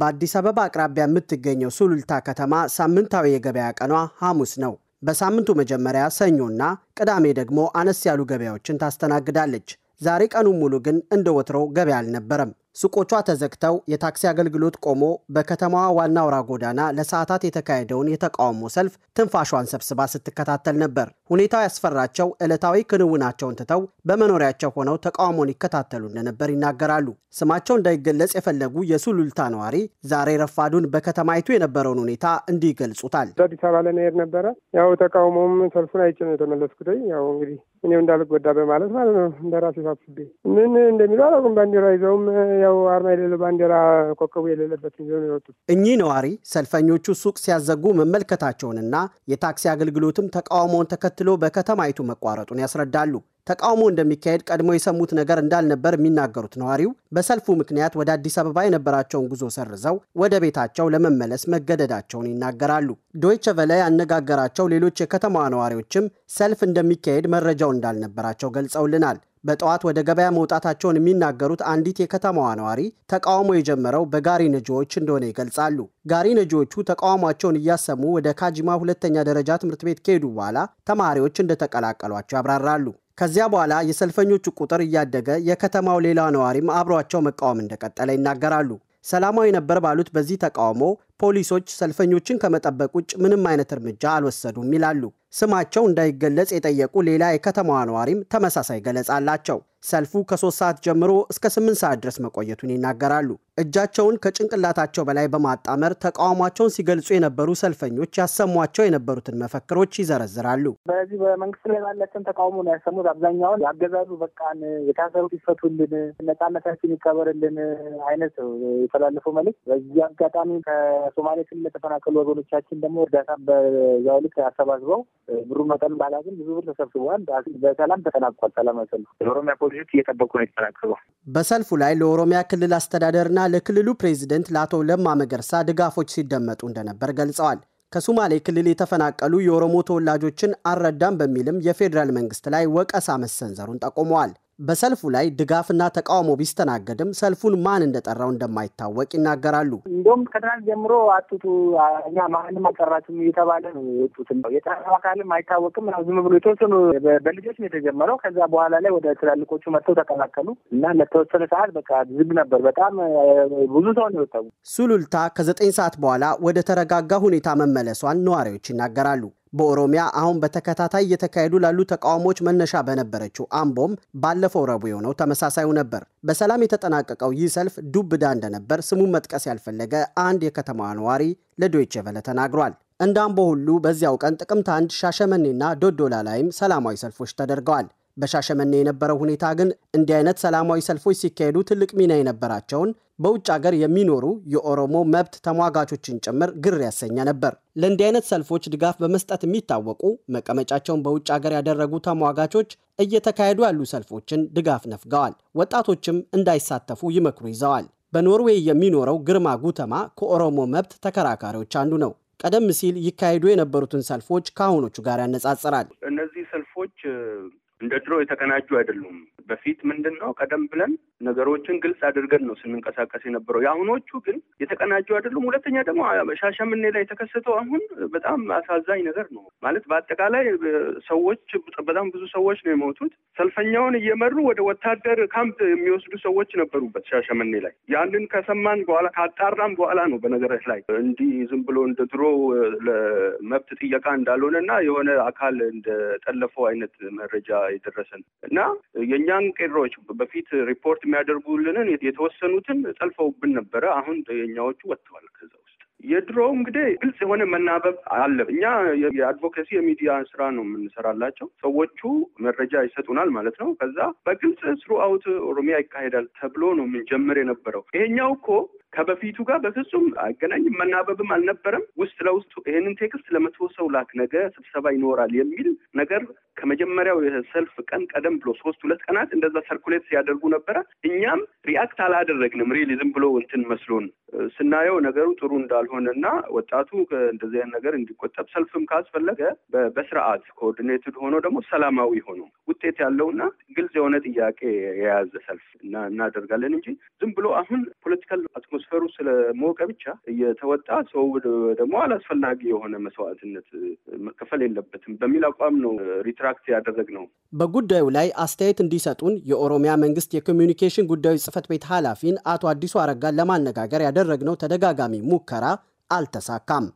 በአዲስ አበባ አቅራቢያ የምትገኘው ሱሉልታ ከተማ ሳምንታዊ የገበያ ቀኗ ሐሙስ ነው። በሳምንቱ መጀመሪያ ሰኞና ቅዳሜ ደግሞ አነስ ያሉ ገበያዎችን ታስተናግዳለች። ዛሬ ቀኑን ሙሉ ግን እንደ ወትሮው ገበያ አልነበረም። ሱቆቿ ተዘግተው የታክሲ አገልግሎት ቆሞ በከተማዋ ዋና አውራ ጎዳና ለሰዓታት የተካሄደውን የተቃውሞ ሰልፍ ትንፋሿን ሰብስባ ስትከታተል ነበር። ሁኔታው ያስፈራቸው ዕለታዊ ክንውናቸውን ትተው በመኖሪያቸው ሆነው ተቃውሞን ይከታተሉ እንደነበር ይናገራሉ። ስማቸው እንዳይገለጽ የፈለጉ የሱሉልታ ነዋሪ ዛሬ ረፋዱን በከተማይቱ የነበረውን ሁኔታ እንዲህ ይገልጹታል። አዲስ አበባ ለመሄድ ነበረ። ያው ተቃውሞም ሰልፉን አይጭ ነው የተመለስኩት። ያው እንግዲህ እኔው እንዳልጎዳ በማለት ማለት ነው እንደራሴ ሳስቤ ምን እንደሚለው አላውቅም። ባንዲራ ይዘውም ያው አርማ የሌለው ባንዲራ ኮከቡ የሌለበት ይዘው ነው የወጡት። እኚህ ነዋሪ ሰልፈኞቹ ሱቅ ሲያዘጉ መመልከታቸውንና የታክሲ አገልግሎትም ተቃውሞውን ተከትሎ በከተማይቱ መቋረጡን ያስረዳሉ። ተቃውሞ እንደሚካሄድ ቀድሞ የሰሙት ነገር እንዳልነበር የሚናገሩት ነዋሪው በሰልፉ ምክንያት ወደ አዲስ አበባ የነበራቸውን ጉዞ ሰርዘው ወደ ቤታቸው ለመመለስ መገደዳቸውን ይናገራሉ። ዶይቸ ቬለ ያነጋገራቸው ሌሎች የከተማዋ ነዋሪዎችም ሰልፍ እንደሚካሄድ መረጃው እንዳልነበራቸው ገልጸውልናል። በጠዋት ወደ ገበያ መውጣታቸውን የሚናገሩት አንዲት የከተማዋ ነዋሪ ተቃውሞ የጀመረው በጋሪ ነጂዎች እንደሆነ ይገልጻሉ። ጋሪ ነጂዎቹ ተቃውሟቸውን እያሰሙ ወደ ካጂማ ሁለተኛ ደረጃ ትምህርት ቤት ከሄዱ በኋላ ተማሪዎች እንደተቀላቀሏቸው ያብራራሉ። ከዚያ በኋላ የሰልፈኞቹ ቁጥር እያደገ የከተማው ሌላ ነዋሪም አብሯቸው መቃወም እንደቀጠለ ይናገራሉ። ሰላማዊ ነበር ባሉት በዚህ ተቃውሞ ፖሊሶች ሰልፈኞችን ከመጠበቅ ውጭ ምንም አይነት እርምጃ አልወሰዱም ይላሉ። ስማቸው እንዳይገለጽ የጠየቁ ሌላ የከተማዋ ነዋሪም ተመሳሳይ ገለጻ አላቸው። ሰልፉ ከሶስት ሰዓት ጀምሮ እስከ ስምንት ሰዓት ድረስ መቆየቱን ይናገራሉ። እጃቸውን ከጭንቅላታቸው በላይ በማጣመር ተቃውሟቸውን ሲገልጹ የነበሩ ሰልፈኞች ያሰሟቸው የነበሩትን መፈክሮች ይዘረዝራሉ። በዚህ በመንግስት ላይ ባለትን ተቃውሞ ነው ያሰሙት። አብዛኛውን አገዛዙ በቃን፣ የታሰሩት ይፈቱልን፣ ነጻነታችን ይከበርልን አይነት የተላለፈው መልዕክት። በዚህ አጋጣሚ ከሶማሌ ክልል ለተፈናቀሉ ወገኖቻችን ደግሞ እርዳታ በዛው ልክ አሰባስበው ብሩ መጠን ባላግን ብዙ ብር ተሰብስበዋል። በሰላም ተጠናቋል። ሰላም ሰልፍ የኦሮሚያ ፖሊሶች እየጠበቁ ነው የተጠናቀበው። በሰልፉ ላይ ለኦሮሚያ ክልል አስተዳደርና ለክልሉ ፕሬዚደንት ለአቶ ለማ መገርሳ ድጋፎች ሲደመጡ እንደነበር ገልጸዋል። ከሶማሌ ክልል የተፈናቀሉ የኦሮሞ ተወላጆችን አልረዳም በሚልም የፌዴራል መንግስት ላይ ወቀሳ መሰንዘሩን ጠቁመዋል። በሰልፉ ላይ ድጋፍና ተቃውሞ ቢስተናገድም ሰልፉን ማን እንደጠራው እንደማይታወቅ ይናገራሉ። እንዲሁም ከትናንት ጀምሮ አትውጡ፣ እኛ ማንም አልጠራችሁም እየተባለ ነው የወጡት። ነው የጠራው አካልም አይታወቅም። ዝም ብሎ የተወሰኑ በልጆች ነው የተጀመረው። ከዛ በኋላ ላይ ወደ ትላልቆቹ መጥተው ተቀላቀሉ እና ለተወሰነ ሰዓት በቃ ዝግ ነበር። በጣም ብዙ ሰው ነው የወጣው። ሱሉልታ ከዘጠኝ ሰዓት በኋላ ወደ ተረጋጋ ሁኔታ መመለሷን ነዋሪዎች ይናገራሉ። በኦሮሚያ አሁን በተከታታይ እየተካሄዱ ላሉ ተቃውሞዎች መነሻ በነበረችው አምቦም ባለፈው ረቡዕ የሆነው ተመሳሳዩ ነበር። በሰላም የተጠናቀቀው ይህ ሰልፍ ዱብ እዳ እንደነበር ስሙን መጥቀስ ያልፈለገ አንድ የከተማዋ ነዋሪ ለዶይቼ ቬለ ተናግሯል። እንደ አምቦ ሁሉ በዚያው ቀን ጥቅምት አንድ ሻሸመኔና ዶዶላ ላይም ሰላማዊ ሰልፎች ተደርገዋል። በሻሸመኔ የነበረው ሁኔታ ግን እንዲህ አይነት ሰላማዊ ሰልፎች ሲካሄዱ ትልቅ ሚና የነበራቸውን በውጭ አገር የሚኖሩ የኦሮሞ መብት ተሟጋቾችን ጭምር ግር ያሰኘ ነበር። ለእንዲህ አይነት ሰልፎች ድጋፍ በመስጠት የሚታወቁ መቀመጫቸውን በውጭ አገር ያደረጉ ተሟጋቾች እየተካሄዱ ያሉ ሰልፎችን ድጋፍ ነፍገዋል። ወጣቶችም እንዳይሳተፉ ይመክሩ ይዘዋል። በኖርዌይ የሚኖረው ግርማ ጉተማ ከኦሮሞ መብት ተከራካሪዎች አንዱ ነው። ቀደም ሲል ይካሄዱ የነበሩትን ሰልፎች ከአሁኖቹ ጋር ያነጻጽራል። እነዚህ ሰልፎች እንደ ድሮ የተቀናጁ አይደሉም። በፊት ምንድን ነው ቀደም ብለን ነገሮችን ግልጽ አድርገን ነው ስንንቀሳቀስ የነበረው። የአሁኖቹ ግን የተቀናጀው አይደሉም። ሁለተኛ ደግሞ ሻሸምኔ ላይ የተከሰተው አሁን በጣም አሳዛኝ ነገር ነው። ማለት በአጠቃላይ ሰዎች በጣም ብዙ ሰዎች ነው የሞቱት። ሰልፈኛውን እየመሩ ወደ ወታደር ካምፕ የሚወስዱ ሰዎች ነበሩበት ሻሸመኔ ላይ። ያንን ከሰማን በኋላ ካጣራም በኋላ ነው በነገሮች ላይ እንዲህ ዝም ብሎ እንደ ድሮ ለመብት ጥየቃ እንዳልሆነ እና የሆነ አካል እንደጠለፈው አይነት መረጃ የደረሰን እና የእኛ እኛም ቄድሮች በፊት ሪፖርት የሚያደርጉልንን የተወሰኑትን ጠልፈውብን ነበረ። አሁን የእኛዎቹ ወጥተዋል ከዛ ውስጥ። የድሮ እንግዲህ ግልጽ የሆነ መናበብ አለ። እኛ የአድቮኬሲ የሚዲያ ስራ ነው የምንሰራላቸው። ሰዎቹ መረጃ ይሰጡናል ማለት ነው። ከዛ በግልጽ ስሩአውት ኦሮሚያ ይካሄዳል ተብሎ ነው የምንጀምር የነበረው። ይሄኛው እኮ ከበፊቱ ጋር በፍጹም አገናኝም መናበብም አልነበረም። ውስጥ ለውስጥ ይህንን ቴክስት ለመቶ ሰው ላክ፣ ነገ ስብሰባ ይኖራል የሚል ነገር ከመጀመሪያው የሰልፍ ቀን ቀደም ብሎ ሶስት ሁለት ቀናት እንደዛ ሰርኩሌት ሲያደርጉ ነበረ። እኛም ሪአክት አላደረግንም። ሪሊ ዝም ብሎ እንትን መስሎን ስናየው ነገሩ ጥሩ እንዳልሆነ እና ወጣቱ እንደዚህ አይነት ነገር እንዲቆጠብ ሰልፍም ካስፈለገ በስርዓት ኮኦርዲኔትድ ሆኖ ደግሞ ሰላማዊ ሆኖ ውጤት ያለውና ግልጽ የሆነ ጥያቄ የያዘ ሰልፍ እናደርጋለን እንጂ ዝም ብሎ አሁን ፖለቲካል አትሞ አትሞስፌሩ ስለሞቀ ብቻ እየተወጣ ሰው ደግሞ አላስፈላጊ የሆነ መስዋዕትነት መከፈል የለበትም በሚል አቋም ነው ሪትራክት ያደረግ ነው። በጉዳዩ ላይ አስተያየት እንዲሰጡን የኦሮሚያ መንግስት የኮሚኒኬሽን ጉዳዮች ጽህፈት ቤት ኃላፊን አቶ አዲሱ አረጋን ለማነጋገር ያደረግነው ተደጋጋሚ ሙከራ አልተሳካም።